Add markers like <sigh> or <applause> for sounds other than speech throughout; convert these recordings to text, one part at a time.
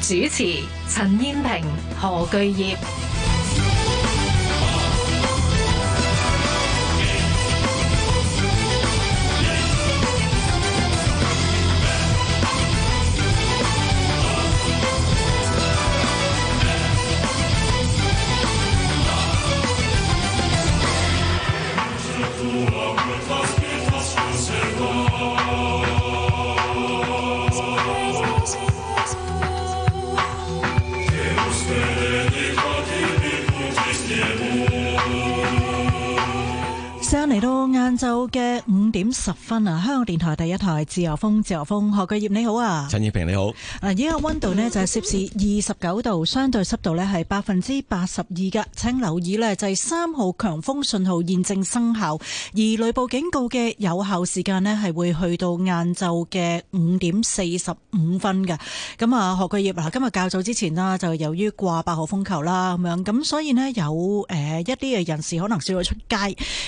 主持：陳燕萍、何巨業。點十分啊！香港電台第一台自由風，自由風，何桂業你好啊，陳燕平你好。嗱，依家温度呢，就係攝氏二十九度，相對濕度呢係百分之八十二嘅，請留意呢，就係三號強風信號現正生效，而雷暴警告嘅有效時間呢，係會去到晏晝嘅五點四十五分嘅。咁啊，何桂業嗱，今日較早之前啦，就由於掛八號風球啦，咁樣咁，所以呢，有誒一啲嘅人士可能少咗出街。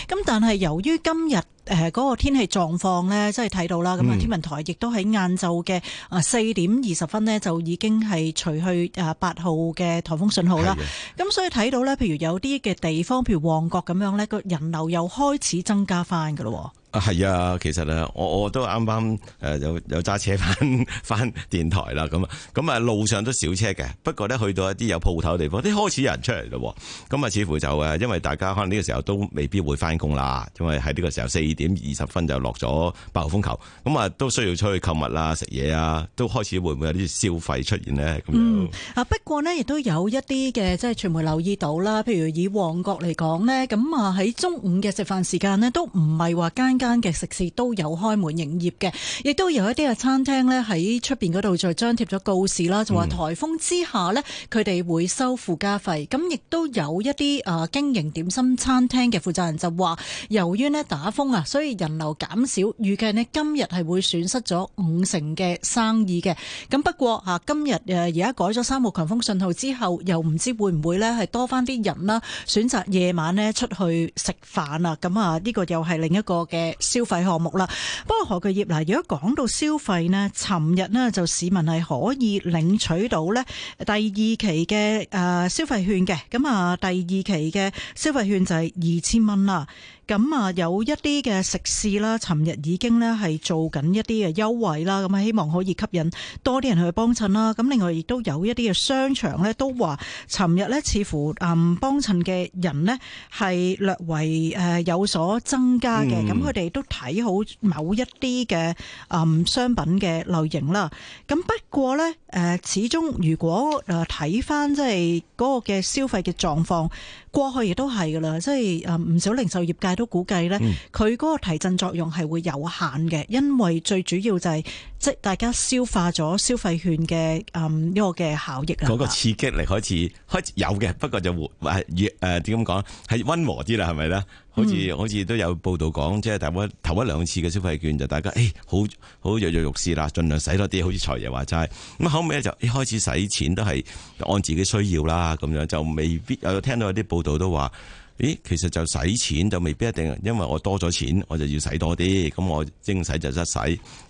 咁但係由於今日。誒，嗰、呃嗰個天氣狀況咧，即係睇到啦。咁啊，天文台亦都喺晏晝嘅啊四點二十分呢，就已經係除去八號嘅台風信號啦。咁是的、嗯、所以睇到咧，譬如有啲嘅地方，譬如旺角咁樣咧，個人流又開始增加翻噶喎。係啊，啊，其實咧，我我都啱啱、呃、有有揸車翻翻電台啦，咁啊，咁啊路上都少車嘅。不過咧，去到一啲有鋪頭地方，啲開始有人出嚟咯。咁啊，似乎就誒，因為大家可能呢個時候都未必會翻工啦，因為喺呢個時候四點二十分就落咗八號風球，咁啊都需要出去購物啦、食嘢啊，都開始會唔會有啲消費出現呢？咁、嗯、啊，不過呢，亦都有一啲嘅即係傳媒留意到啦，譬如以旺角嚟講呢，咁啊喺中午嘅食飯時間呢，都唔係話間間嘅食肆都有開門營業嘅，亦都有一啲嘅餐廳咧喺出邊嗰度再張貼咗告示啦，就話颱風之下呢佢哋會收附加費。咁亦都有一啲啊經營點心餐廳嘅負責人就話，由於咧打風啊，所以人流減少，預計咧今日係會損失咗五成嘅生意嘅。咁不過啊，今日誒而家改咗三號強風信號之後，又唔知會唔會咧係多返啲人啦，選擇夜晚咧出去食飯啊。咁啊呢個又係另一個嘅。消費項目啦，不過何巨業嗱，如果講到消費呢，尋日呢就市民係可以領取到呢第二期嘅誒消費券嘅，咁啊第二期嘅消費券就係二千蚊啦。咁啊、嗯，有一啲嘅食肆啦，尋日已經咧係做緊一啲嘅優惠啦，咁啊希望可以吸引多啲人去幫襯啦。咁另外亦都有一啲嘅商場咧，都話尋日咧似乎啊幫襯嘅人咧係略為誒有所增加嘅。咁佢哋都睇好某一啲嘅啊商品嘅類型啦。咁不過咧誒始終如果誒睇翻即係個嘅消費嘅狀況過去亦都係噶啦，即係誒唔少零售業界。都估計咧，佢嗰個提振作用係會有限嘅，因為最主要就係即係大家消化咗消費券嘅誒呢個嘅效益啊。嗰個刺激力開始開始有嘅，不過就活越誒點講，係温和啲啦，係咪咧？好似、嗯、好似都有報道講，即係大家頭一兩次嘅消費券就大家誒、哎、好好躍躍欲試啦，儘量使多啲，好似財爺話齋。咁後尾就一開始使錢都係按自己需要啦，咁樣就未必我聽到有啲報道都話。咦，其實就使錢就未必一定，因為我多咗錢，我就要使多啲，咁我精使就得使，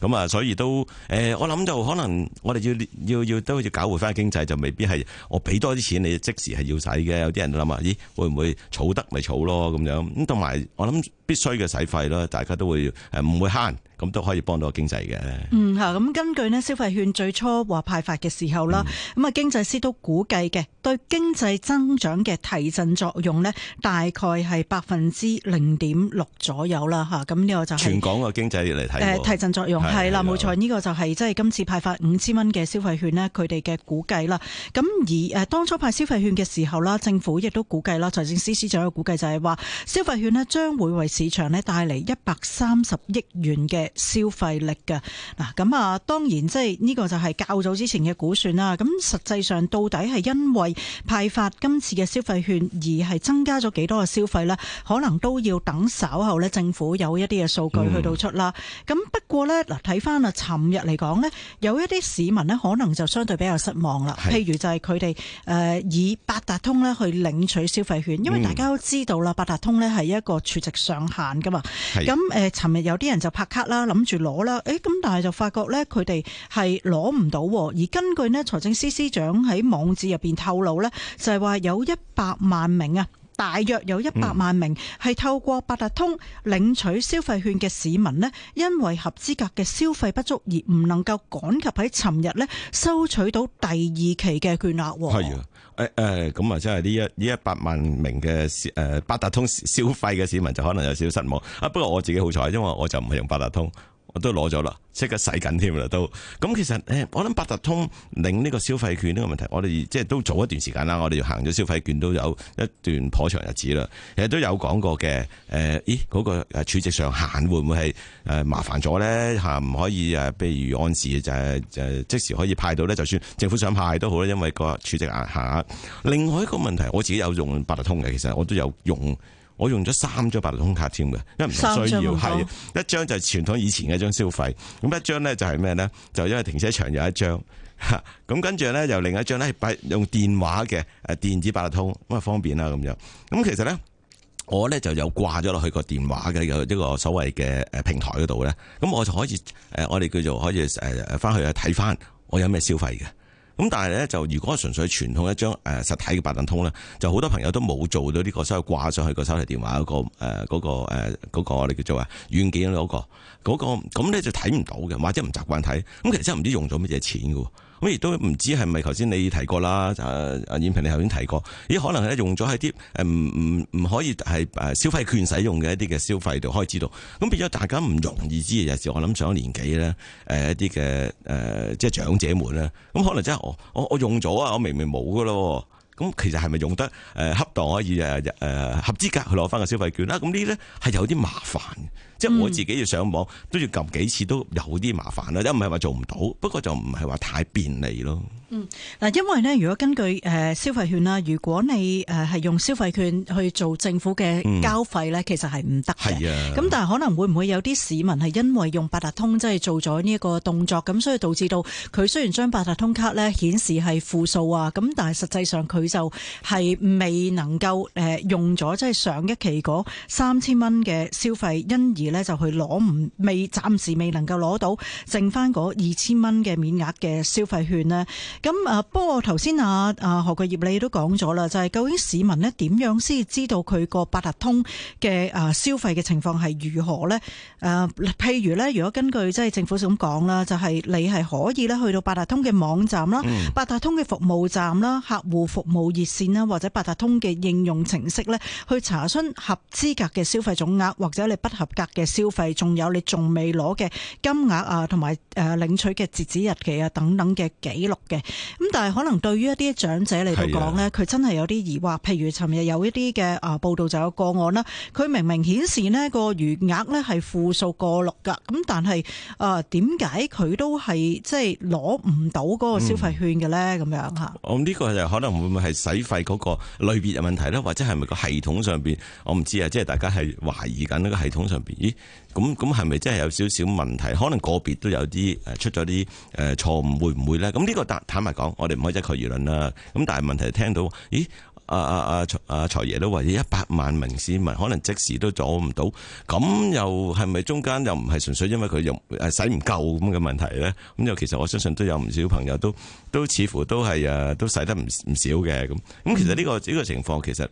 咁啊，所以都誒、呃，我諗就可能我哋要要要都要搞回翻經濟，就未必係我俾多啲錢，你即時係要使嘅。有啲人都諗啊，咦，會唔會儲得咪儲咯咁樣？咁同埋我諗必須嘅使費啦，大家都會呃、唔會慳。咁都可以幫到經濟嘅。嗯吓，咁根據呢消費券最初話派發嘅時候啦，咁啊經濟師都估計嘅對經濟增長嘅提振作用呢，大概係百分之零點六左右啦吓。咁呢個就係全港嘅經濟嚟睇。誒提振作用係啦，冇錯呢個就係即係今次派發五千蚊嘅消費券呢，佢哋嘅估計啦。咁而誒當初派消費券嘅時候啦，政府亦都估計啦，財政司司長嘅估計就係話消費券呢將會為市場呢帶嚟一百三十億元嘅。消費力㗎。嗱，咁啊，當然即係呢個就係較早之前嘅估算啦。咁實際上到底係因為派發今次嘅消費券而係增加咗幾多嘅消費呢？可能都要等稍後呢政府有一啲嘅數據去到出啦。咁、嗯、不過呢，嗱，睇返啊，尋日嚟講呢，有一啲市民呢可能就相對比較失望啦。是譬如就係佢哋誒以八達通呢去領取消費券，因為大家都知道啦，嗯、八達通呢係一個儲值上限噶嘛。咁誒是，尋日、嗯、有啲人就拍卡，啦諗住攞啦，誒，咁但係就發覺呢，佢哋係攞唔到。而根據呢財政司司長喺網誌入邊透露呢就係話有一百萬名啊，大約有一百萬名係透過八達通領取消費券嘅市民呢，因為合資格嘅消費不足而唔能夠趕及喺尋日呢收取到第二期嘅券額。係誒誒，咁啊、哎，即係呢一呢一百萬名嘅誒、呃、八達通消費嘅市民就可能有少少失望。啊，不過我自己好彩，因為我就唔係用八達通。我都攞咗啦，即刻使緊添啦都。咁其實誒，我諗八達通領呢個消費券呢個問題，我哋即係都早一段時間啦，我哋行咗消費券都有一段頗長日子啦。其實都有講過嘅，誒、欸，咦，嗰個誒儲值上限會唔會係誒麻煩咗咧？吓，唔可以誒，譬如按時就係誒即時可以派到咧，就算政府想派都好咧，因為個儲值額吓。另外一個問題，我自己有用八達通嘅，其實我都有用。我用咗三張八達通卡添嘅，因為唔同需要，係一張就係傳統以前嘅一張消費，咁一張咧就係咩咧？就因為停車場有一張，咁跟住咧又另一張咧，用電話嘅誒電子八達通咁啊方便啦咁樣。咁其實咧，我咧就有掛咗落去個電話嘅一個所謂嘅誒平台嗰度咧，咁我就可以誒我哋叫做可以誒翻去睇翻我有咩消費嘅。咁但係咧就如果純粹傳統一張誒實體嘅八達通咧，就好多朋友都冇做到呢個收，所謂掛上去個手提電話嗰、嗰個誒嗰、嗰個誒嗰、嗰個我哋、嗰個嗰個、叫做啊軟件嗰個嗰個，咁、那、咧、個、就睇唔到嘅，或者唔習慣睇，咁其實真係唔知用咗乜嘢錢嘅。咁亦都唔知係咪頭先你提過啦？阿阿燕平你頭先提過，咦？可能係用咗喺啲唔唔唔可以係消費券使用嘅一啲嘅消費度開始度。咁變咗大家唔容易知嘅，有時我諗上咗年紀咧一啲嘅、呃、即係長者們咧，咁可能真係我我我用咗啊！我明明冇噶咯，咁其實係咪用得誒恰當可以誒合資格去攞翻個消費券啦？咁呢啲咧係有啲麻煩。即、嗯、我自己要上網都要撳幾次，都有啲麻煩啦。即係唔係話做唔到，不過就唔係話太便利咯。嗯，嗱，因為咧，如果根據誒消費券啦，如果你誒係用消費券去做政府嘅交費咧，嗯、其實係唔得嘅。咁、係啊、但係可能會唔會有啲市民係因為用八達通即係做咗呢一個動作，咁所以導致到佢雖然將八達通卡咧顯示係負數啊，咁但係實際上佢就係未能夠誒用咗，即係上一期嗰三千蚊嘅消費因而。咧就去攞唔未，暫時未能夠攞到剩翻嗰二千蚊嘅免額嘅消費券咧。咁啊，不過頭先啊啊何國業你都講咗啦，就係、是、究竟市民咧點樣先知道佢個八達通嘅啊消費嘅情況係如何咧？誒、啊、譬如咧，如果根據即係政府咁講啦，就係、是、你係可以咧去到八達通嘅網站啦、嗯、八達通嘅服務站啦、客戶服務熱線啦，或者八達通嘅應用程式咧，去查詢合資格嘅消費總額或者你不合格嘅。嘅消費，仲有你仲未攞嘅金額啊，同埋誒領取嘅截止日期啊，等等嘅記錄嘅。咁，但係可能對於一啲長者嚟到講呢，佢真係有啲疑惑。譬如尋日有一啲嘅啊報道就有個案啦，佢明明顯示呢個餘額呢係負數過六噶，咁但係啊點解佢都係即係攞唔到嗰個消費券嘅呢？咁樣嚇，我諗呢個就可能會唔會係使費嗰個類別嘅問題呢？或者係咪個系統上面？我唔知啊，即係大家係懷疑緊呢個系統上面。咦，咁咁係咪真係有少少問題？可能個別都有啲誒出咗啲誒錯誤，會唔會咧？咁呢個坦坦白講，我哋唔可以一概而論啦。咁但係問題係聽到，咦？阿阿阿阿財爺都話，依一百萬名市民可能即時都阻唔到，咁又係咪中間又唔係純粹因為佢用誒使唔夠咁嘅問題咧？咁又其實我相信都有唔少朋友都都似乎都係誒都使得唔唔少嘅咁。咁其實呢個呢個情況其實。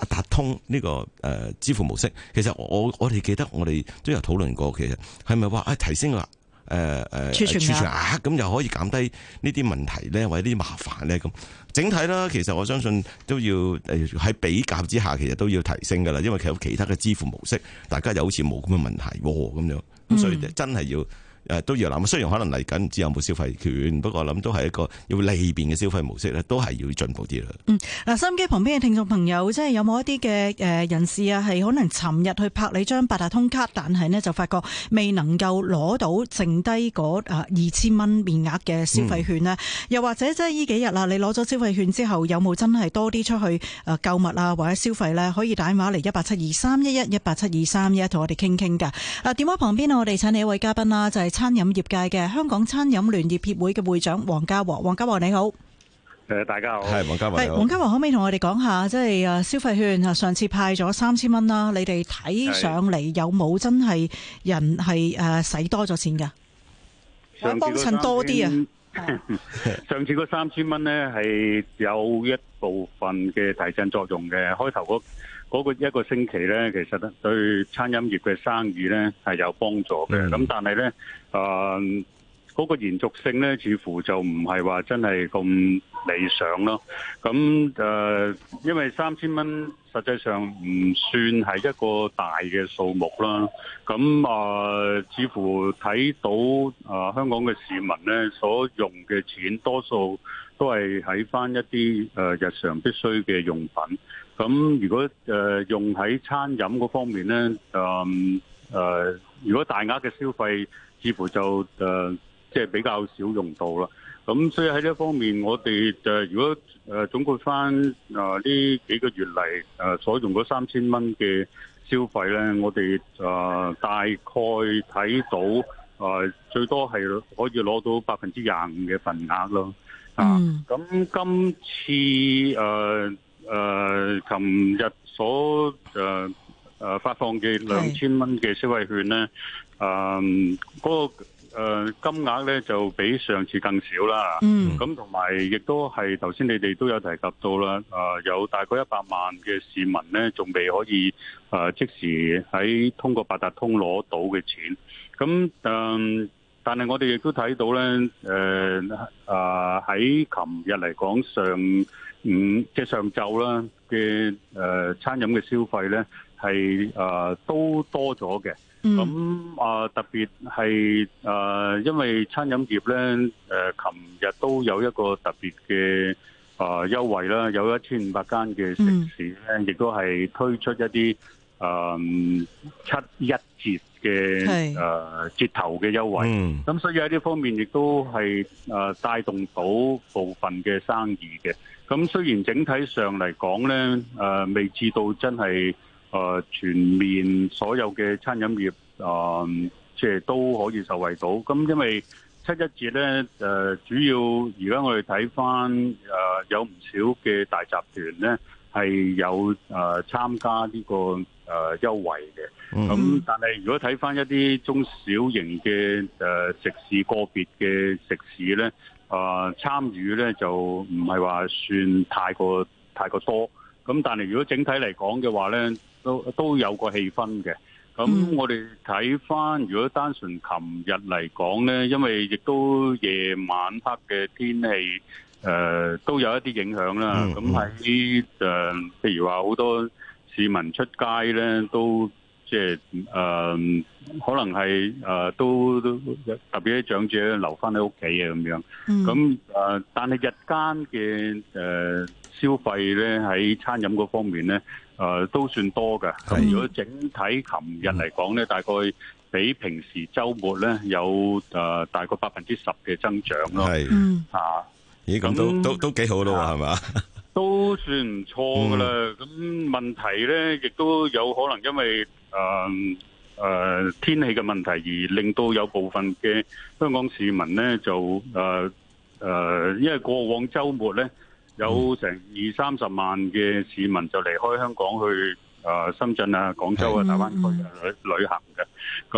啊！達通呢個誒支付模式，其實我我哋記得我哋都有討論過，其實係咪話啊提升啦誒誒儲存額咁又可以減低呢啲問題咧，或者啲麻煩咧咁整體啦。其實我相信都要誒喺比較之下，其實都要提升㗎喇，因為佢有其他嘅支付模式，大家又好似冇咁嘅問題咁樣，所以真係要。誒都要啦，雖然可能嚟緊唔知有冇消費券，不過諗都係一個要利便嘅消費模式咧，都係要進步啲啦。嗯，嗱，收音機旁邊嘅聽眾朋友，即係有冇一啲嘅人士啊，係可能尋日去拍你張八達通卡，但係呢就發覺未能夠攞到剩低嗰二千蚊面額嘅消費券咧？嗯、又或者即係呢幾日啦，你攞咗消費券之後，有冇真係多啲出去誒購物啊，或者消費咧？可以打電話嚟一八七二三一一一八七二三一一，同我哋傾傾㗎。嗱，電話旁邊我哋請嚟一位嘉賓啦，就係餐飲業界嘅香港餐飲聯業協會嘅會長黃家和，黃家和你好。誒，大家好，係黃家和。黃家和可唔可以同我哋講下，即係誒消費券啊，上次派咗是三千蚊啦，你哋睇上嚟有冇真係人係誒使多咗錢噶？幫襯多啲啊！上次嗰三千蚊呢，係有一部分嘅提振作用嘅，開頭嗰個一個星期呢，其實咧對餐飲業嘅生意呢係有幫助嘅。咁但係呢，誒、呃、嗰、那個延續性呢，似乎就唔係話真係咁理想咯。咁誒、呃，因為三千蚊實際上唔算係一個大嘅數目啦。咁啊、呃，似乎睇到誒、呃、香港嘅市民呢，所用嘅錢，多數都係喺翻一啲誒日常必需嘅用品。咁如果誒用喺餐飲嗰方面咧，誒、呃、誒，如果大額嘅消費，似乎就誒即係比較少用到啦。咁所以喺呢一方面我們，我哋誒如果誒總括翻啊呢幾個月嚟誒所用嗰三千蚊嘅消費咧，我哋誒大概睇到誒、呃、最多係可以攞到百分之廿五嘅份額咯。啊、mm.，咁今次誒。誒，琴日、呃、所誒誒、呃、發放嘅兩千蚊嘅消費券咧，誒嗰個是、呃那個、呃、金額咧就比上次更少啦。嗯，咁同埋亦都係頭先你哋都有提及到啦。誒、呃，有大概一百萬嘅市民咧，仲未可以誒、呃、即時喺通過八達通攞到嘅錢。咁誒、呃，但係我哋亦都睇到咧，誒啊喺琴日嚟講上，即嘅、嗯、上晝啦嘅誒餐飲嘅消費咧係誒都多咗嘅，咁啊、嗯嗯、特別係誒、呃、因為餐飲業咧誒琴日都有一個特別嘅誒、呃、優惠啦，有一千五百間嘅食肆咧，亦都係推出一啲誒、呃、七一折嘅誒折頭嘅優惠，咁是、嗯、所以喺呢方面亦都係誒帶動到部分嘅生意嘅。咁雖然整體上嚟講咧，未至到真係、呃、全面所有嘅餐飲業，呃、即係都可以受惠到。咁因為七一節咧、呃，主要而家我哋睇翻有唔少嘅大集團咧係有、呃、參加呢、個、呃、優惠嘅。咁、嗯、但係如果睇翻一啲中小型嘅、呃、食肆個別嘅食肆咧。啊，參與咧就唔係話算太過太過多，咁但係如果整體嚟講嘅話咧，都都有個氣氛嘅。咁我哋睇返，如果單純琴日嚟講咧，因為亦都夜晚黑嘅天氣，誒、呃、都有一啲影響啦。咁喺誒，呃、譬如話好多市民出街咧都。即係誒，可能係誒，都特別啲長者留翻喺屋企嘅咁樣。咁誒，但係日間嘅誒消費咧，喺餐飲嗰方面咧，誒都算多噶。咁如果整體琴日嚟講咧，大概比平時周末咧有誒大概百分之十嘅增長咯。係啊，咦，咁都都都幾好咯，係嘛？都算唔錯噶啦。咁問題咧，亦都有可能因為。誒誒，uh, uh, 天氣嘅問題而令到有部分嘅香港市民呢就，就誒誒，因為過往周末呢，有成二三十萬嘅市民就離開香港去誒、uh, 深圳啊、廣州啊、大灣區啊旅旅行嘅，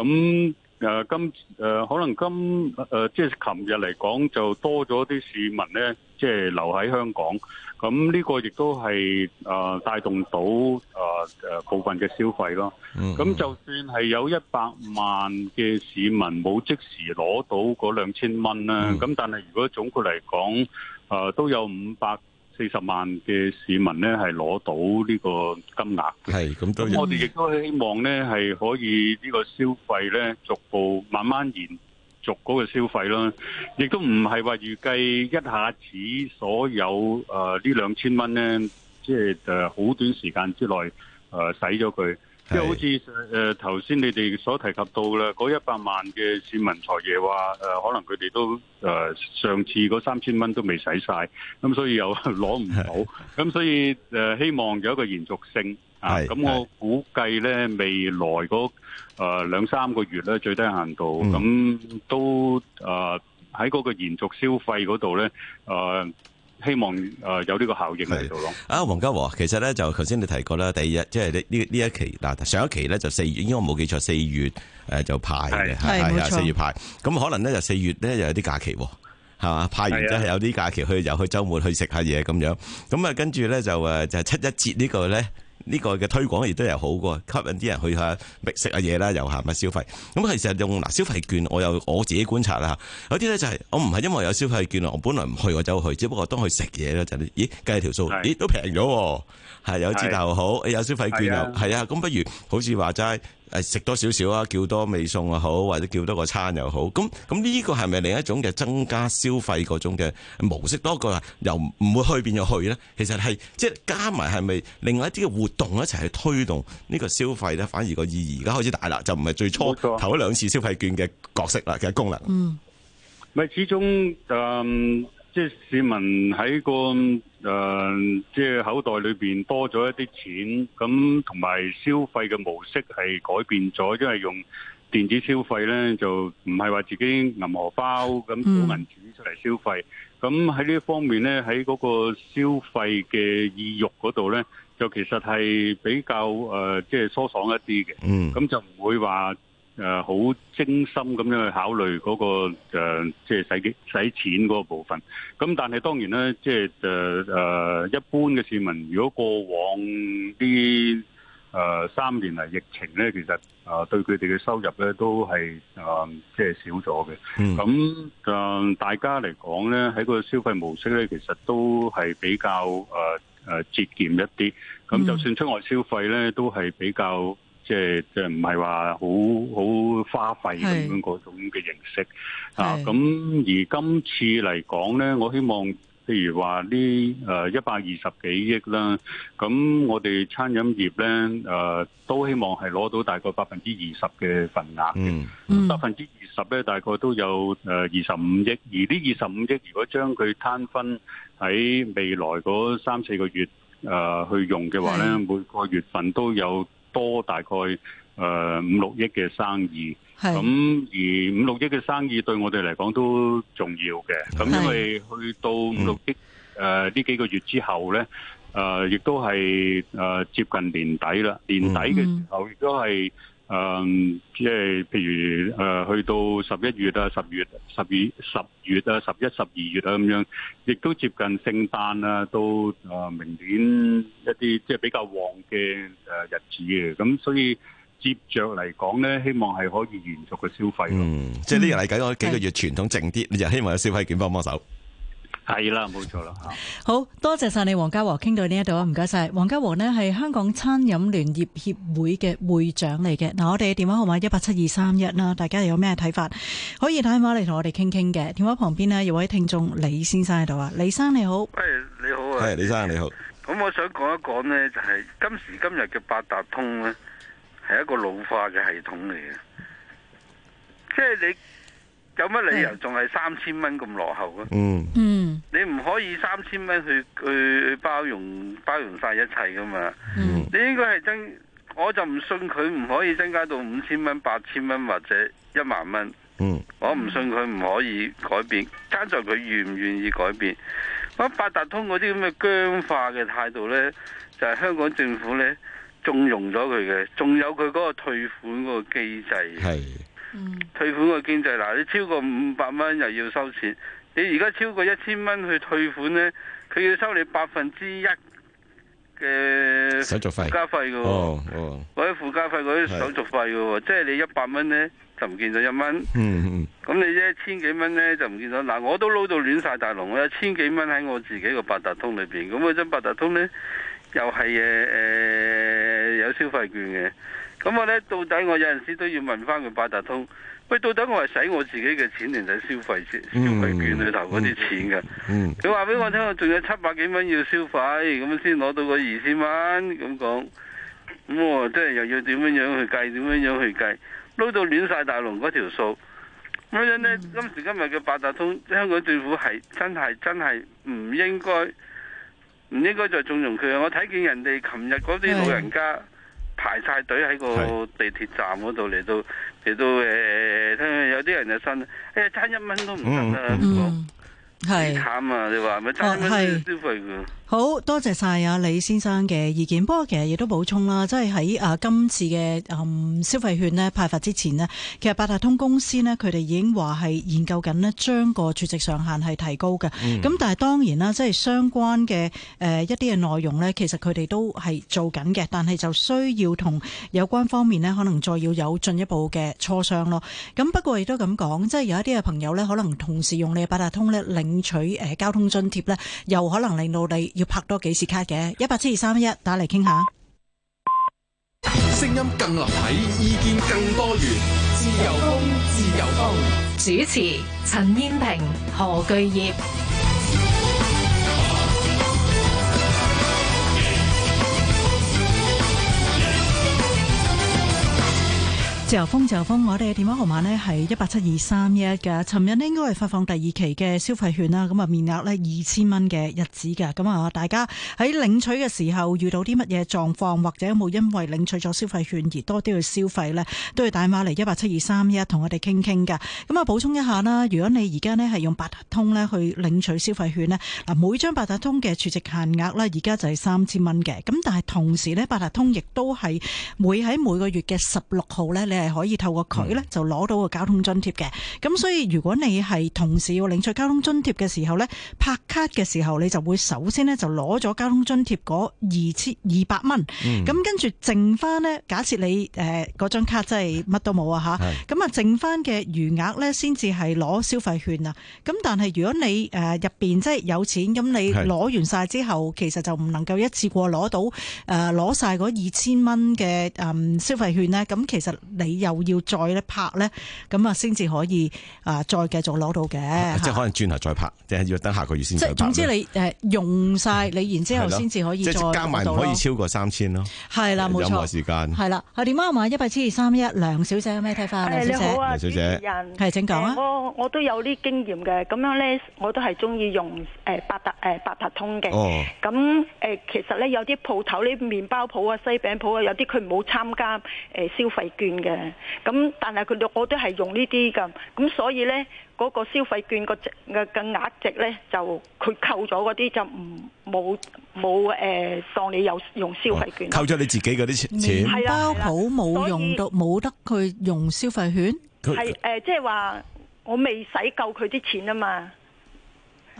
咁。誒、啊、今誒、啊、可能今誒、啊、即係琴日嚟講就多咗啲市民咧，即係留喺香港，咁呢個亦都係誒帶動到誒誒、啊、部分嘅消費咯。咁、mm hmm. 就算係有一百萬嘅市民冇即時攞到嗰兩千蚊咧，咁、mm hmm. 但係如果總括嚟講，誒、啊、都有五百。四十萬嘅市民咧，係攞到呢個金額。係咁，我哋亦都希望咧，係可以呢個消費咧，逐步慢慢延續嗰個消費咯。亦都唔係話預計一下子所有誒呢兩千蚊咧，即係誒好短時間之內誒使咗佢。即係好似誒頭先你哋所提及到啦，嗰一百萬嘅市民財爺話，誒、呃，可能佢哋都誒、呃、上次嗰三千蚊都未使晒，咁所以又攞唔到，咁 <laughs> 所以誒、呃、希望有一個延續性，咁、啊、我估計咧未來嗰兩、呃、三個月咧最低限度咁、嗯、都誒喺嗰個延續消費嗰度咧誒。呃希望誒有呢個效應喺度咯。啊，黃家和，其實咧就頭先你提過啦，第二即係呢呢一期嗱，上一期咧就四月，應該我冇記錯，四月誒就派嘅，係係四月派。咁可能咧就四月咧又有啲假期喎，係嘛？派完真係有啲假期的去，又去週末去食下嘢咁樣。咁啊，跟住咧就誒就七一節呢個咧。呢個嘅推廣亦都係好過，吸引啲人去下食下嘢啦，又行埋消費。咁其實用嗱消費券，我又我自己觀察啦，有啲咧就係、是、我唔係因為有消費券，我本來唔去我走去，只不過當去食嘢咧就是、咦計條數，是咦都平咗，係有折扣好，有消費券的又係啊，咁不如好似話齋，誒食多少少啊，叫多味餸又好，或者叫多個餐又好，咁咁呢個係咪另一種嘅增加消費嗰種嘅模式多過又唔會去變咗去咧？其實係即係加埋係咪另外一啲嘅活動一齊去推動呢個消費咧？反而個意義而家開始大啦，就唔係最初頭一兩次消費券嘅角色啦嘅功能。嗯，咪始終誒。即係市民喺個誒，即係口袋裏邊多咗一啲錢，咁同埋消費嘅模式係改變咗，因為用電子消費咧，就唔係話自己銀荷包咁儲銀紙出嚟消費。咁喺呢方面咧，喺嗰個消費嘅意欲嗰度咧，就其實係比較誒，即係疏爽一啲嘅。嗯，咁就唔會話誒好精心咁樣去考慮嗰個誒，即係使幾使錢嗰個部分。咁但係當然咧，即係誒誒，一般嘅市民，如果過往啲誒、呃、三年嚟疫情咧，其實誒、呃、對佢哋嘅收入咧都係誒即係少咗嘅。咁、mm. 呃、大家嚟講咧，喺個消費模式咧，其實都係比較誒誒、呃呃、節儉一啲。咁就算出外消費咧，都係比較，即係即係唔係話好好花費咁樣嗰是種嘅形式是啊！咁而今次嚟講呢，我希望譬如話呢誒一百二十幾億啦，咁我哋餐飲業呢誒、呃、都希望係攞到大概百分之二十嘅份額，百分之二十呢，大概都有誒二十五億。嗯、而呢二十五億如果將佢攤分喺未來嗰三四個月誒、呃、去用嘅話呢是每個月份都有。多大概誒五六億嘅生意，係，咁而五六億嘅生意對我哋嚟講都重要嘅，咁因為去到五六億誒呢幾個月之後咧，誒亦都係誒接近年底啦，年底嘅時候亦都係。嗯，即係譬如，誒，去到十一月啊、十月、十月、十月啊、十一、十二月啊咁樣，亦都接近聖誕啊，到誒明年一啲即係比較旺嘅誒日子嘅，咁所以接著嚟講咧，希望係可以延續嘅消費。嗯，即係呢個嚟計，我幾個月傳統靜啲，你就希望有消費券幫幫手。係啦，冇錯啦。嗯、好多謝晒你，黃家和傾到呢一度啊，唔該晒。黃家和呢係香港餐飲聯業協會嘅會長嚟嘅。嗱，我哋嘅電話號碼一八七二三一啦，1, 大家有咩睇法，可以打電話嚟同我哋傾傾嘅。電話旁邊呢，有位聽眾李先生喺度啊，李生你好。喂，hey, 你好啊。Hey, 李生你好。咁我想講一講呢，就係、是、今時今日嘅八達通呢，係一個老化嘅系統嚟嘅，即係你。有乜理由仲係三千蚊咁落後啊？嗯嗯，你唔可以三千蚊去去包容包容晒一切噶嘛？嗯，你應該係增，我就唔信佢唔可以增加到五千蚊、八千蚊或者一萬蚊。嗯，我唔信佢唔可以改變，加在佢願唔願意改變。我八達通嗰啲咁嘅僵化嘅態度呢，就係香港政府呢縱容咗佢嘅，仲有佢嗰個退款嗰個機制。係。退款個經濟嗱，你超過五百蚊又要收錢，你而家超過一千蚊去退款呢，佢要收你百分之一嘅手續費附加費嘅，oh, oh，哦哦，嗰啲附加費嗰啲手續費嘅，即係你一百蚊呢，mm hmm. 1, 就唔見咗一蚊，咁你一千幾蚊呢，就唔見咗，嗱，我都撈到亂晒大龍，我有千幾蚊喺我自己個八達通裏邊，咁我張八達通呢，又係誒、呃、有消費券嘅。咁我咧，到底我有陣時都要問翻佢八達通，喂，到底我係使我自己嘅錢定使消，消費券消費券裏頭嗰啲錢嘅？佢話俾我聽，我仲有七百幾蚊要消費，咁先攞到個二千蚊，咁講，咁我即係又要點樣樣去計，點樣樣去計，撈到亂晒大龍嗰條數，咁樣咧？今時今日嘅八達通，香港政府係真係真係唔應該，唔應該再縱容佢啊！我睇見人哋琴日嗰啲老人家。嗯排晒隊喺個地鐵站嗰度，嚟到嚟到誒，聽、欸、有啲人就呻，哎、欸、差一蚊都唔得啦～、嗯嗯嗯係啊！你話係咪真係消費好多謝晒啊李先生嘅意見。不過其實亦都補充啦，即係喺啊今次嘅消費券呢，派發之前呢，其實八達通公司呢，佢哋已經話係研究緊呢，將個儲值上限係提高嘅。咁、嗯、但係當然啦，即係相關嘅誒一啲嘅內容呢，其實佢哋都係做緊嘅，但係就需要同有關方面呢，可能再要有進一步嘅磋商咯。咁不過亦都咁講，即係有一啲嘅朋友呢，可能同時用你嘅八達通呢。領取誒交通津貼咧，又可能令到你要拍多幾次卡嘅。一八七二三一，打嚟傾下。聲音更立體，意見更多元，自由風，自由風。主持：陳燕平、何巨業。自由風，自由風，我哋嘅電話號碼呢係一八七二三一嘅。尋日應該係發放第二期嘅消費券啦，咁啊面額呢，二千蚊嘅日子㗎。咁啊，大家喺領取嘅時候遇到啲乜嘢狀況，或者有冇因為領取咗消費券而多啲去消費呢，都要打電話嚟一八七二三一同我哋傾傾㗎。咁啊，補充一下啦，如果你而家呢係用八達通呢去領取消費券呢，嗱每張八達通嘅儲值限額呢，而家就係三千蚊嘅。咁但係同時呢，八達通亦都係每喺每個月嘅十六號呢。係可以透過佢咧就攞到個交通津貼嘅，咁、嗯、所以如果你係同時要領取交通津貼嘅時候咧，拍卡嘅時候你就會首先咧就攞咗交通津貼嗰二千二百蚊，咁、嗯、跟住剩翻咧，假設你誒張卡真係乜都冇啊吓，咁啊是剩翻嘅餘額咧先至係攞消費券啊，咁但係如果你誒入邊即係有錢，咁你攞完晒之後是其實就唔能夠一次過攞到誒攞晒嗰二千蚊嘅誒消費券咧，咁其實你。又要再咧拍咧，咁啊，先至可以啊再繼續攞到嘅，即係可能轉頭再拍，即係要等下個月先。即係總之你誒用晒你，然之後先至可以再加埋，唔可以超過三千咯。係啦，冇錯。係啦，電話號碼一百七二三一，梁小姐有咩睇法？你好啊，梁小姐。係請講啊。我我都有啲經驗嘅，咁樣咧，我都係中意用誒八達誒八達通嘅。哦。咁誒，其實咧有啲鋪頭，呢啲麵包鋪啊、西餅鋪啊，有啲佢冇參加誒消費券嘅。咁，但係佢，我都係用呢啲噶，咁所以咧，嗰個消費券個值嘅額值咧，了那些就佢扣咗嗰啲就唔冇冇誒，當你有用消費券，哦、扣咗你自己嗰啲錢，錢、嗯、啊，好冇用到，冇得佢用消費券，係誒，即係話我未使夠佢啲錢啊嘛。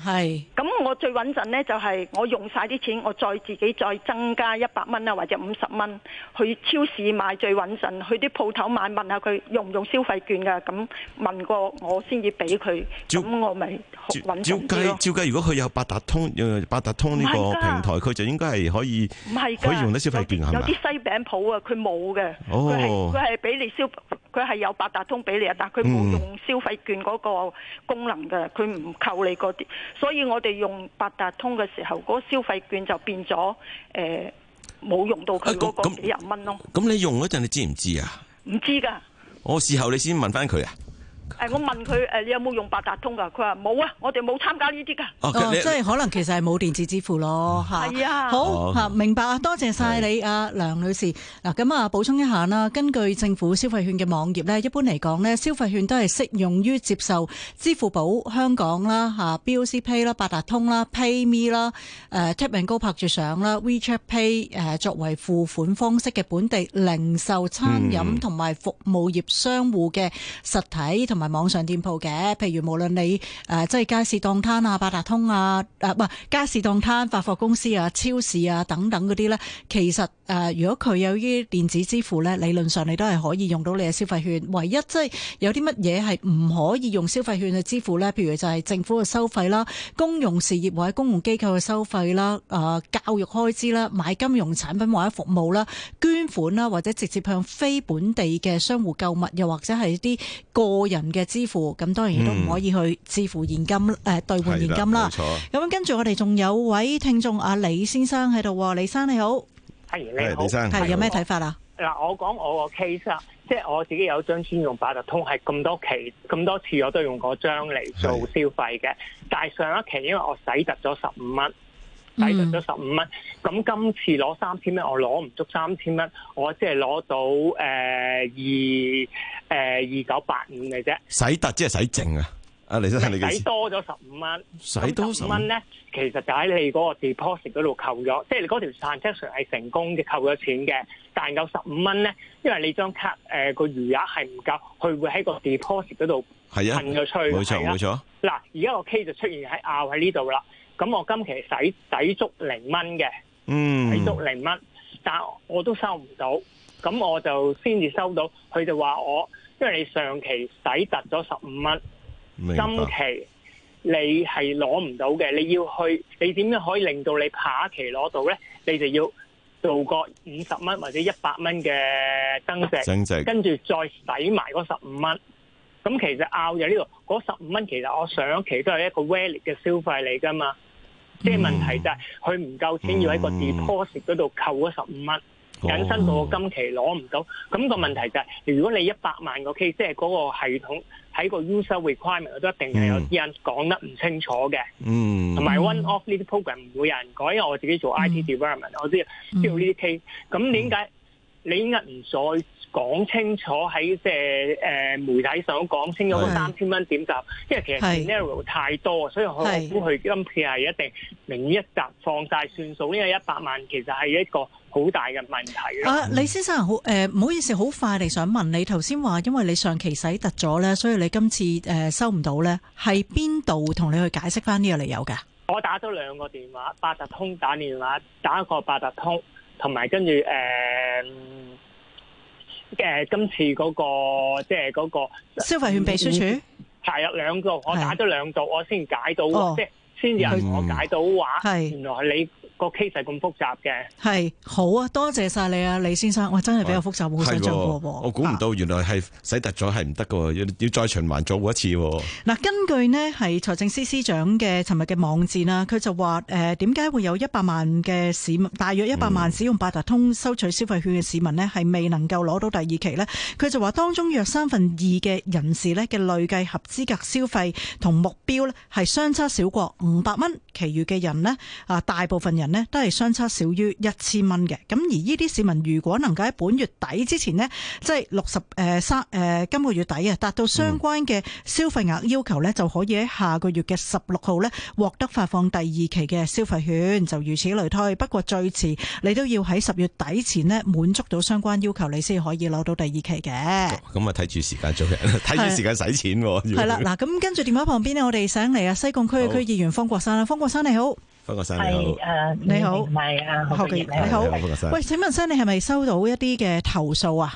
係，咁是我最穩陣咧，就係我用晒啲錢，我再自己再增加一百蚊啦，或者五十蚊去超市買最穩陣，去啲鋪頭買，問下佢用唔用消費券噶，咁問過我先至俾佢。咁照我咪穩陣照，照計，照計如果佢有八達通，八達通呢個平台，佢就應該係可以，唔係佢用得消費券係嘛？有啲西餅鋪啊，佢冇嘅。哦，佢係佢係俾你消，佢係有八達通俾你啊，但係佢冇用消費券嗰個功能嘅，佢唔、嗯、扣你嗰啲。所以我哋用八達通嘅時候，嗰個消費券就變咗誒，冇、呃、用到佢嗰個幾十蚊咯。咁你用嗰陣，你知唔知啊？唔知㗎。我事後你先問返佢啊。誒我問佢誒你有冇用八達通㗎？佢話冇啊，我哋冇參加呢啲㗎。哦，即係可能其實係冇電子支付咯，嚇。係啊，好嚇，明白啊，多謝晒你啊，梁女士。嗱咁啊，補充一下啦，根據政府消費券嘅網頁咧，一般嚟講咧，消費券都係適用於接受支付寶香港啦、嚇 BoC Pay 啦、八達通啦、PayMe 啦、誒 Tap and Go 拍住上啦、WeChat Pay 誒作為付款方式嘅本地零售、餐飲同埋服務業商戶嘅實體同埋。同埋網上店鋪嘅，譬如無論你誒，即、啊、係、就係、街市檔攤啊、八達通啊、誒唔係街市檔攤、發貨公司啊、超市啊等等嗰啲呢。其實誒、啊，如果佢有啲電子支付呢，理論上你都係可以用到你嘅消費券。唯一即係有啲乜嘢係唔可以用消費券去支付呢？譬如就係政府嘅收費啦、公用事業或者公共機構嘅收費啦、誒、啊、教育開支啦、買金融產品或者服務啦、捐款啦，或者直接向非本地嘅商戶購物，又或者係啲個人。嘅支付，咁當然亦都唔可以去支付現金，誒兌、嗯呃、換現金啦。咁跟住我哋仲有位聽眾阿李先生喺度，李先生你好，係你好，李生，係是有咩睇法啊？嗱，我講我個 case 啦，即係我自己有張專用八達通，係咁多期、咁多次我都用過張嚟做消費嘅，是的但係上一期因為我使凸咗十五蚊。使突咗十五蚊，咁、嗯、今次攞三千蚊，我攞唔足三千蚊，我即係攞到誒二誒二九八五嘅啫。使突即係使剩啊！阿李生，你使多咗十五蚊，使多十五蚊咧，其實就喺你嗰個 deposit 嗰度扣咗，即係你嗰條 transaction 係成功嘅扣咗錢嘅，但係夠十五蚊咧，因為你張卡誒個餘額係唔夠，佢會喺個 deposit 嗰度係啊，噴咗出去，冇錯冇錯。嗱、啊，而家錯個 K 就出現喺凹喺呢度啦。咁我今期使使足零蚊嘅，使足、嗯、零蚊，但我都收唔到，咁我就先至收到，佢就話我，因為你上期使突咗十五蚊，白今期你係攞唔到嘅，你要去，你點樣可以令到你下期攞到咧？你就要做個五十蚊或者一百蚊嘅增值，直跟住再使埋嗰十五蚊，咁其實拗咗呢度，嗰十五蚊其實我上期都係一個 valid 嘅消費嚟㗎嘛。即係、嗯、問題就係佢唔夠錢，嗯、要喺個 deposit 嗰度扣嗰十五蚊，引申到我今期攞唔到。咁、嗰個問題就係，如果你一百萬個 case 即係嗰個系統喺個 user requirement 都一定係有啲人講得唔清楚嘅。嗯，同埋 one off 呢啲 program 唔會有人講，因為我自己做 IT development，、嗯、我知知道呢啲 case。咁、嗯、你點解、嗯、你應該唔再？講清楚喺，即係誒，媒體上講清楚嗰三千蚊點集，是因為其實 narrow 太多，是所以我估佢今次係一定明一集放晒算數，因為一百萬其實係一個好大嘅問題。啊，李先生好，誒、唔、嗯嗯、好意思，好快地想問你，頭先話因為你上期洗突咗咧，所以你今次誒、呃、收唔到咧，係邊度同你去解釋翻呢個理由嘅？我打咗兩個電話，八達通打電話，打一個八達通，同埋跟住誒。呃嘅、呃、今次、嗰個即係、嗰個消費券被輸處排入兩度，我解咗兩度我先解到、oh, 即係先至係我解到話是的原來係你個 case 係咁複雜嘅，係好啊，多謝曬你啊，李先生，哇，真係比較複雜，好想做過喎。我估唔到原來係洗凸咗係唔得嘅喎，要要再循環做一次喎。嗱，根據咧係財政司司長嘅尋日嘅網誌啦，佢就話誒點解會有一百萬嘅市民，大約一百萬使用八達通收取消費券嘅市民咧，係未能夠攞到第二期咧？佢就話當中約三分二嘅人士咧嘅累計合資格消費同目標咧係相差少過五百蚊，其餘嘅人咧啊大部分人。咧都係相差少於一千蚊嘅，咁而呢啲市民如果能夠喺本月底之前呢即係六十誒三誒今個月底啊，達到相關嘅消費額要求呢就可以喺下個月嘅十六號呢獲得發放第二期嘅消費券，就如此類推。不過最遲你都要喺十月底前呢滿足到相關要求，你先可以攞到第二期嘅、哦。咁啊，睇住時間做人，睇住時間使錢喎、啊。係啦， <laughs> 嗱，咁跟住電話旁邊呢，我哋請嚟啊，西貢區嘅區議員方國珊啦，方國珊你好。係誒，你好，係阿何杰業，你好。喂，請問聲，你係咪收到一啲嘅投訴啊？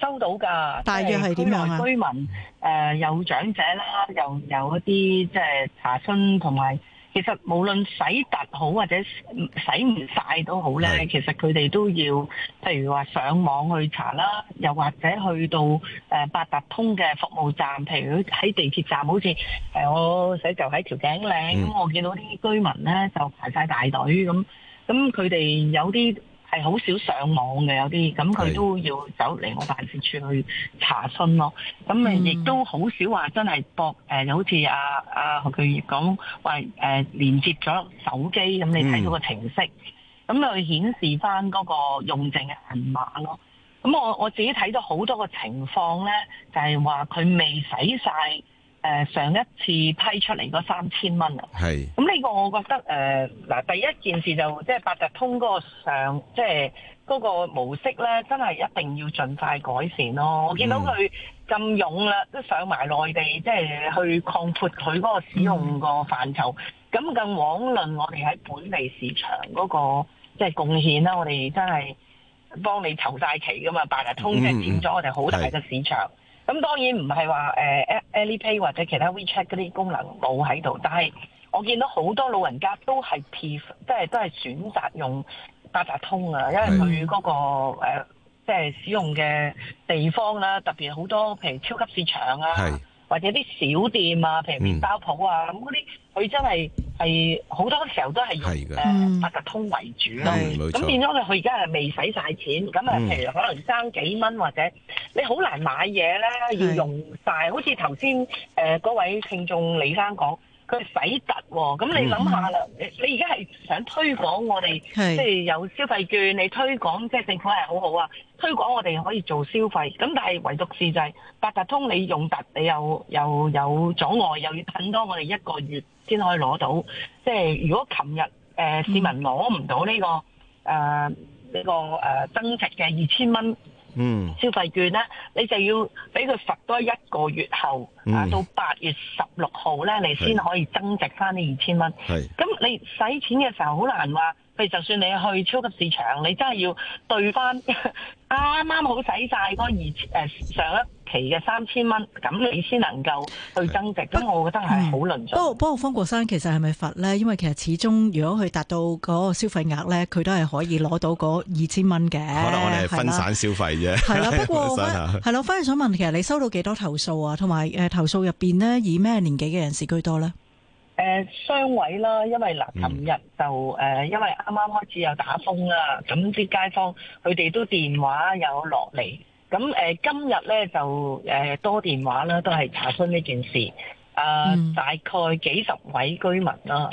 收到噶，大約係點樣啊？居民誒，有長者啦，又有一啲即係查詢同埋。其實無論洗突好或者洗唔曬都好咧，其實佢哋都要，譬如話上網去查啦，又或者去到、呃、八達通嘅服務站，譬如喺地鐵站，好似、呃、我洗就喺調景嶺。咁我見到啲居民咧就排曬大隊咁，咁佢哋有啲。係好少上網嘅，有啲，咁佢都要走嚟我辦事處去查詢咯。咁咪亦都好少話真係博誒、呃，好似阿啊何巨業講話、呃、連接咗手機咁，你睇到個程式，咁、嗯、去顯示翻嗰個用剩嘅銀碼咯。咁我我自己睇到好多個情況咧，就係話佢未使曬。誒、呃、上一次批出嚟嗰三千蚊啊，咁呢是個我覺得誒、嗱、呃、第一件事就即係八達通嗰個上即係嗰個模式咧，真係一定要盡快改善咯。嗯、我見到佢咁勇啦，都上埋內地，即、就、係、是、去擴闊佢嗰個使用個範疇。咁、嗯、更遑論我哋喺本地市場嗰、那個即係、就是、貢獻啦，我哋真係幫你籌晒期噶嘛，八達通即係佔咗我哋好大嘅市場。嗯咁當然唔係話誒、呃、Alipay 或者其他 WeChat 嗰啲功能冇喺度，但係我見到好多老人家都係 prefer，即係都係選擇用八達通啊，因為佢嗰、那個即係、呃就是、使用嘅地方啦，特別好多譬如超級市場啊。或者啲小店啊，譬如麵包鋪啊，咁嗰啲佢真係係好多時候都係以誒八達通為主啦。咁、嗯、變咗佢，佢而家係未使晒錢，咁啊、嗯，譬如可能爭幾蚊，或者、嗯、你好難買嘢啦，要用晒。好似頭先誒，位聽眾李生講。佢使突喎，咁、哦、你諗下啦，mm hmm. 你而家係想推廣我哋，即係是有消費券，你推廣即係、就是、政府係好好啊，推廣我哋可以做消費。咁但係唯獨事係、就是、八達通你用，你用突你又又有阻礙，又要等多我哋一個月先可以攞到。即、就、係、是、如果琴日、呃、市民攞唔到呢、這個呢、mm hmm. 呃這個增值嘅二千蚊。呃嗯，消費券咧，你就要俾佢罰多一個月後，嗯、啊，到八月十六號咧，你先可以增值返呢二千蚊。係是，咁你使錢嘅時候好難話。就算你去超級市場，你真係要對翻啱啱好使晒嗰二千誒上一期嘅三千蚊，咁你先能夠去增值。咁我覺得係好倫常。不過不過方國珊，其實係咪罰咧？因為其實始終如果佢達到嗰個消費額咧，佢都係可以攞到嗰二千蚊嘅。可能我哋係分散消費啫。係啦吧， <laughs> 不過係啦，反而 <laughs> 想問，其實你收到幾多投訴啊？同埋誒，投訴入邊咧，以咩年紀嘅人士居多咧？誒雙位啦，因為嗱，琴日就誒，因為啱啱開始有打風啦，咁啲街坊佢哋都電話有落嚟，咁誒今日咧就誒多電話啦，都係查詢呢件事。啊，大概幾十位居民啦，咁、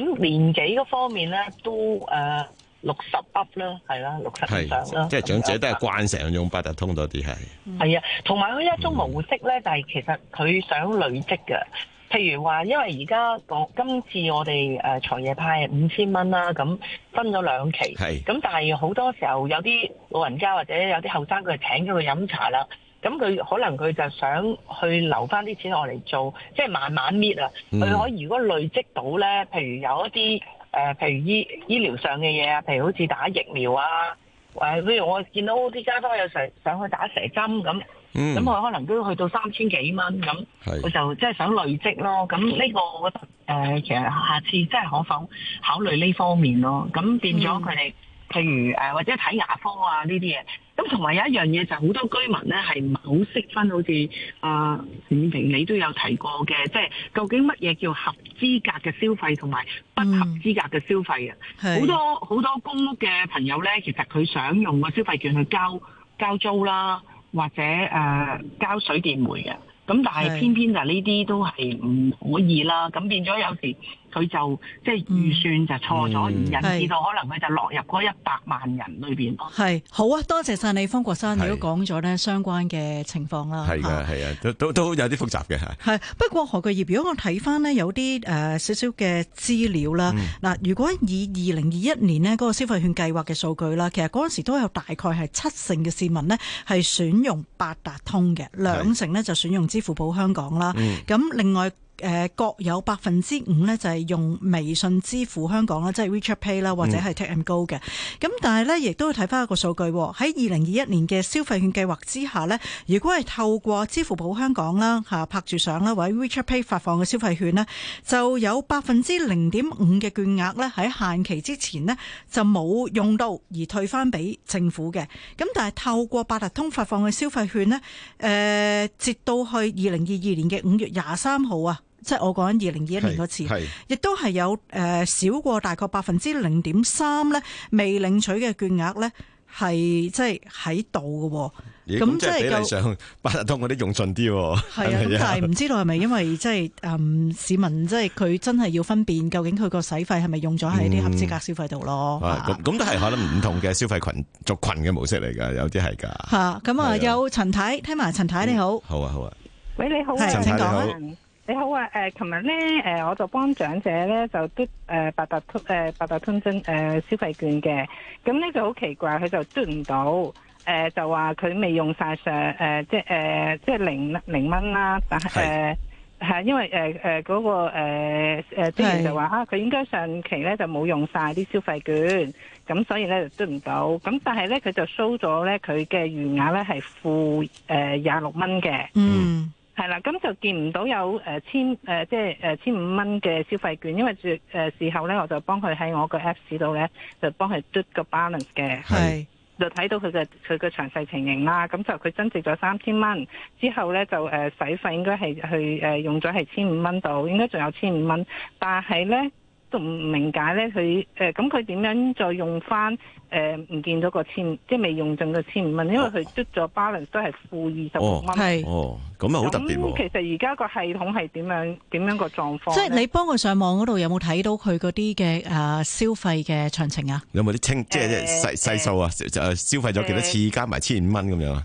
嗯、年紀嗰方面咧都誒六十噏啦，係、呃、啦，六十噏啦，是樣即係長者都係慣常用八達通多啲係。係、嗯、啊，同埋佢一種模式咧，就係其實佢想累積嘅。譬如話，因為而家講今次我哋誒財爺派五千蚊啦，咁分咗兩期。係，咁但係好多時候有啲老人家或者有啲後生，佢請咗佢飲茶啦。咁佢可能佢就想去留翻啲錢我嚟做，即係慢慢搣啊。佢可以如果累積到咧，譬如有一啲誒，譬如醫，醫療上嘅嘢啊，譬如好似打疫苗啊，呃，譬如我見到啲家都有上想去打蛇針咁。咁、嗯、我可能都去到三千幾蚊咁，我就即係想累積咯。咁呢、呢個，我覺得誒，其實下次即係可否考慮呢方面咯？咁變咗佢哋，嗯、譬如誒、呃、或者睇牙科啊呢啲嘢。咁同埋有一樣嘢，就好、是、多居民咧係唔係好識分，好似阿伍平你都有提過嘅，即、就、係、是、究竟乜嘢叫合資格嘅消費同埋不合資格嘅消費啊？好、嗯、多好是多公屋嘅朋友咧，其實佢想用個消費券去交交租啦。或者誒、呃，交水電煤嘅，咁但係偏偏就呢啲都係唔可以啦，咁變咗有時。佢就即係預算就錯咗，而引致到可能佢就落入嗰一百萬人裏邊。係好啊，多謝晒你方國珊，你都講咗呢相關嘅情況啦。係的啊，係啊，都都，都有啲複雜嘅嚇。係，不過何巨業，如果我睇翻呢，有啲誒少少嘅資料啦，嗱、嗯，如果以二零二一年呢嗰個消費券計劃嘅數據啦，其實嗰陣時都有大概係七成嘅市民呢係選用八達通嘅，兩成呢就選用支付寶香港啦。咁、嗯、另外誒各有百分之五呢就係、是、用微信支付香港啦，即係 WeChat Pay 啦，或者係 Tap & Go 嘅。咁、嗯、但係呢，亦都要睇翻一個數據喎。喺二零二一年嘅消費券計劃之下呢，如果係透過支付寶香港啦、拍住賞啦，或者 WeChat Pay 發放嘅消費券呢，就有百分之零點五嘅券額呢喺限期之前呢，就冇用到而退翻俾政府嘅。咁但係透過八達通發放嘅消費券呢，誒、呃、截到去二零二二年嘅五月廿三號啊，即係我講緊二零二一年嗰次，亦都係有誒少過大概百分之零點三咧未領取嘅券額咧，係即係喺度嘅。咁即係理論上八成多嗰啲用盡啲。係啊，咁但係唔知道係咪因為即係誒市民即係佢真係要分辨究竟佢個使費係咪用咗喺啲合資格消費度咯？咁咁都係可能唔同嘅消費群族群嘅模式嚟噶，有啲係噶。吓咁啊，有陳太，聽埋陳太你好。好啊，好啊。喂，你好，請講，陳太你好。你好啊，誒、呃，琴日咧，我就幫長者咧就篤誒八達通誒八達通誒消費券嘅，咁呢，就好奇怪，佢就篤唔到，誒、呃、就話佢未用晒上誒即係、呃、即零零蚊啦，但係誒因為誒嗰、呃呃嗰個誒誒之前就話是啊，佢應該上期咧就冇用晒啲消費券，咁所以咧就篤唔到，咁但係咧佢就 show 咗咧佢嘅餘額咧係負誒廿六蚊嘅，嗯。係啦，咁就見唔到有誒千誒、呃、即係誒、呃、千五蚊嘅消費券，因為誒事後咧，我就幫佢喺我個 Apps 度咧就幫佢嘟個 balance 嘅，的就睇到佢嘅佢嘅詳細情形啦。咁就佢增值咗三千蚊之後咧，就誒使、呃、費應該係去誒用咗係千五蚊度，應該仲有千五蚊，但係咧。都唔明解咧，佢誒咁佢點樣再用翻誒唔見咗個千，即係未用盡個千五蚊，因為佢篤咗 balance 都係負二十萬蚊。係，哦，咁啊好特別，哦。咁其實而家個系統係點樣？點樣個狀況？即係你幫佢上網嗰度有冇睇到佢嗰啲嘅誒消費嘅詳情啊？有冇啲清即係細細數啊？就消費咗幾多次加埋，呃、千五蚊咁樣？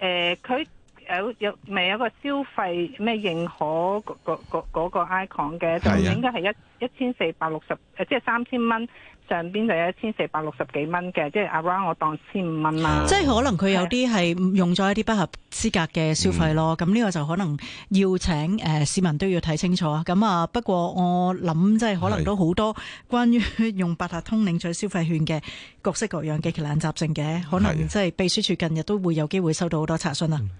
誒佢，呃。有有有一個消費咩認可嗰、嗰個嗰個 icon 嘅，就應該係一一千四百六十誒，即係三千蚊上邊就有一千四百六十幾蚊嘅，即係 around 我當千五蚊啦。即係可能佢有啲係用咗一啲不合資格嘅消費咯。咁呢、嗯、個就可能要請誒、呃、市民都要睇清楚啊。咁啊，不過我諗即係可能是都好多關於用八達通領取消費券嘅各式各樣嘅疑難雜症嘅，可能即係秘書處近日都會有機會收到好多查詢啊。嗯